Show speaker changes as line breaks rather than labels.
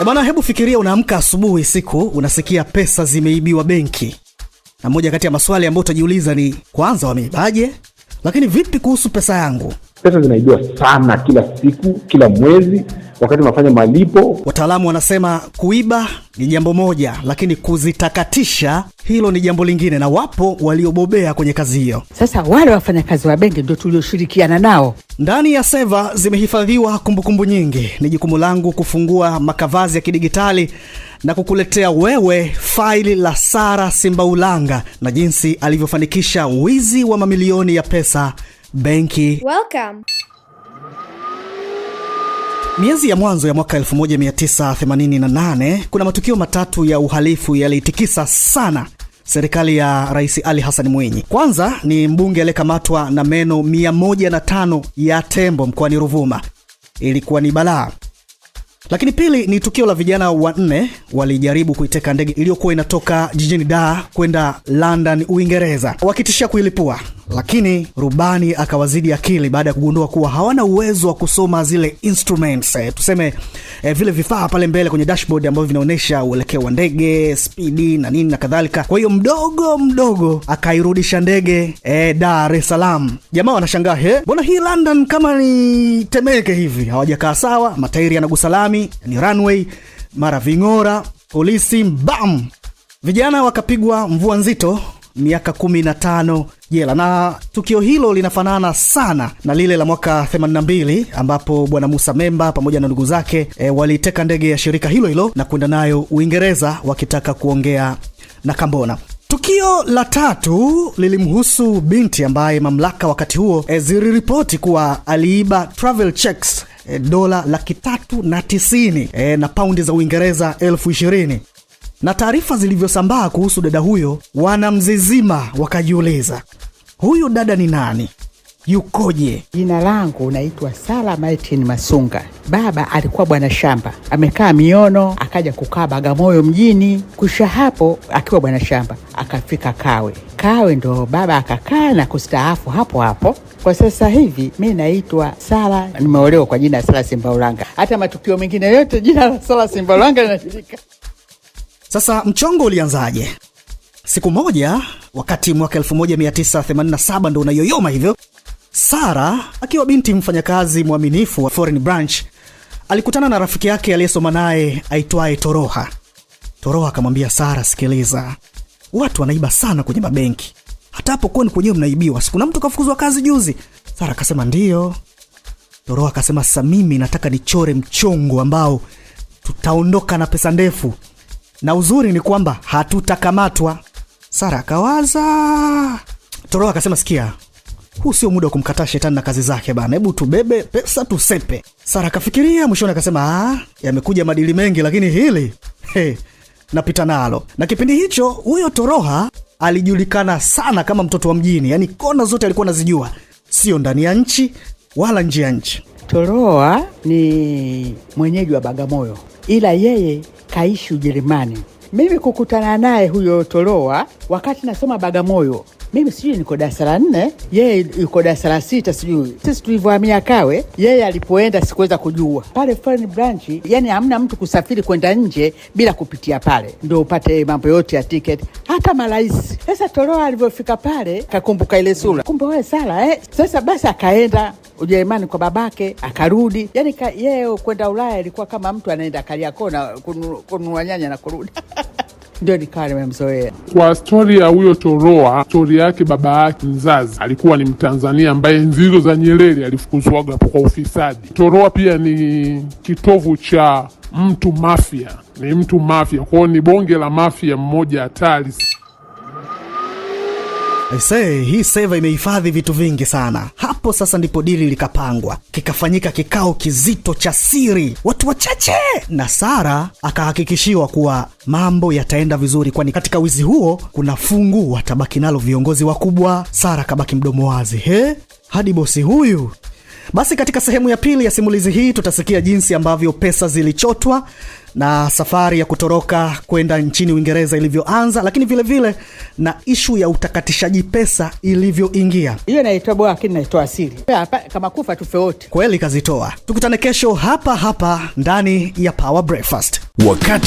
E bwana, hebu fikiria unaamka asubuhi siku unasikia pesa zimeibiwa benki, na moja kati ya maswali ambayo utajiuliza ni kwanza, wameibaje? Lakini vipi kuhusu pesa yangu?
Pesa zinaibiwa sana kila siku, kila mwezi wakati unafanya malipo.
Wataalamu wanasema kuiba ni jambo moja, lakini kuzitakatisha hilo ni jambo lingine, na wapo waliobobea kwenye kazi hiyo.
Sasa wale wafanyakazi wa benki ndio tulioshirikiana nao.
Ndani ya seva zimehifadhiwa kumbukumbu nyingi. Ni jukumu langu kufungua makavazi ya kidigitali na kukuletea wewe faili la Sara Simbaulanga na jinsi alivyofanikisha wizi wa mamilioni ya pesa benki. Welcome. Miezi ya mwanzo ya mwaka 1988 kuna matukio matatu ya uhalifu yaliitikisa sana serikali ya Rais Ali Hassan Mwinyi. Kwanza ni mbunge aliyekamatwa na meno 105 ya tembo mkoani Ruvuma, ilikuwa ni balaa. Lakini pili ni tukio la vijana wanne walijaribu kuiteka ndege iliyokuwa inatoka jijini Dar kwenda London, Uingereza, wakitishia kuilipua lakini rubani akawazidi akili baada ya kugundua kuwa hawana uwezo wa kusoma zile instruments eh, tuseme eh, vile vifaa pale mbele kwenye dashboard ambavyo vinaonyesha uelekeo wa ndege, spidi na nini na kadhalika. Kwa hiyo mdogo mdogo akairudisha ndege eh, Dar es Salaam. Jamaa wanashangaa he, mbona hii London kama ni Temeke hivi? Hawajakaa sawa, matairi yanagusa lami, ni runway, mara ving'ora, polisi, bam! Vijana wakapigwa mvua nzito miaka kumi na tano jela, na tukio hilo linafanana sana na lile la mwaka 82 ambapo bwana Musa Memba pamoja na ndugu zake e, waliteka ndege ya shirika hilo hilo na kwenda nayo Uingereza wakitaka kuongea na Kambona. Tukio la tatu lilimhusu binti ambaye mamlaka wakati huo e, ziliripoti kuwa aliiba travel checks e, dola laki na tisini e, na paundi za Uingereza 20 na taarifa zilivyosambaa kuhusu dada huyo, wanamzizima wakajiuliza huyu dada ni nani, yukoje?
Jina langu naitwa Sara Martin Masunga. Baba alikuwa bwana shamba, amekaa Miono, akaja kukaa Bagamoyo mjini. Kusha hapo akiwa bwana shamba akafika Kawe. Kawe ndo baba akakaa na kustaafu hapo hapo. Kwa sasa hivi mi naitwa Sara, nimeolewa kwa jina ya Sara Simbaulanga. Hata matukio mengine yote jina la Sara Simbaulanga linashirika
sasa mchongo ulianzaje? Siku moja wakati mwaka 1987 ndo unayoyoma hivyo, Sara akiwa binti mfanyakazi mwaminifu wa Foreign Branch alikutana na rafiki yake aliyesoma naye aitwaye Toroha. Toroha akamwambia Sara, sikiliza, watu wanaiba sana kwenye mabenki, hata hapo kwenu kwenyewe mnaibiwa, sikuna mtu kafukuzwa kazi juzi? Sara akasema ndiyo. Toroha akasema sasa, mimi nataka nichore mchongo ambao tutaondoka na pesa ndefu na uzuri ni kwamba hatutakamatwa. Sara akawaza. Toro akasema, sikia, huu sio muda wa kumkataa shetani na kazi zake bana, hebu tubebe pesa tusepe. Sara akafikiria mwishoni, akasema ah, yamekuja madili mengi, lakini hili napita nalo. Na kipindi hicho huyo Toroha alijulikana sana kama mtoto wa mjini, yaani kona zote alikuwa anazijua, sio ndani ya nchi wala nje ya nchi.
Toroha ni mwenyeji wa Bagamoyo, ila yeye kaishi Ujerumani. Mimi kukutana naye huyo toroa wakati nasoma Bagamoyo, mimi sijui niko darasa la nne, yeye yuko darasa la sita, sijui. Sisi tulivyohamia Kawe, yeye alipoenda sikuweza kujua pale foreign branch, yani hamna mtu kusafiri kwenda nje bila kupitia pale, ndo upate mambo yote ya tiketi, hata marais. Sasa Toroa alivyofika pale kakumbuka ile sura, kumbe wewe Sara eh? Sasa basi akaenda Ujerumani kwa babake, akarudi. Yani yeye kwenda Ulaya alikuwa kama mtu anaenda Kariakoo na kununua nyanya na kurudi Ndio nikawa nimemzoea
kwa stori ya huyo Toroa. Stori yake baba yake mzazi alikuwa ni Mtanzania ambaye enzi hizo za Nyerere alifukuzwaga kwa ufisadi. Toroa pia ni kitovu cha mtu mafia, ni mtu mafia kwao, ni bonge la mafia mmoja hatari.
Aisee, hii seva imehifadhi vitu vingi sana hapo sasa ndipo dili likapangwa, kikafanyika kikao kizito cha siri, watu wachache, na Sara akahakikishiwa kuwa mambo yataenda vizuri, kwani katika wizi huo kuna fungu watabaki nalo viongozi wakubwa. Sara akabaki mdomo wazi, he, hadi bosi huyu basi katika sehemu ya pili ya simulizi hii tutasikia jinsi ambavyo pesa zilichotwa na safari ya kutoroka kwenda nchini Uingereza ilivyoanza, lakini vilevile vile, na ishu ya utakatishaji pesa ilivyoingia.
Hiyo naitoa bora, lakini naitoa asili hapa, kama kufa tufe wote.
Kweli kazitoa. Tukutane kesho hapa hapa ndani ya Power Breakfast wakati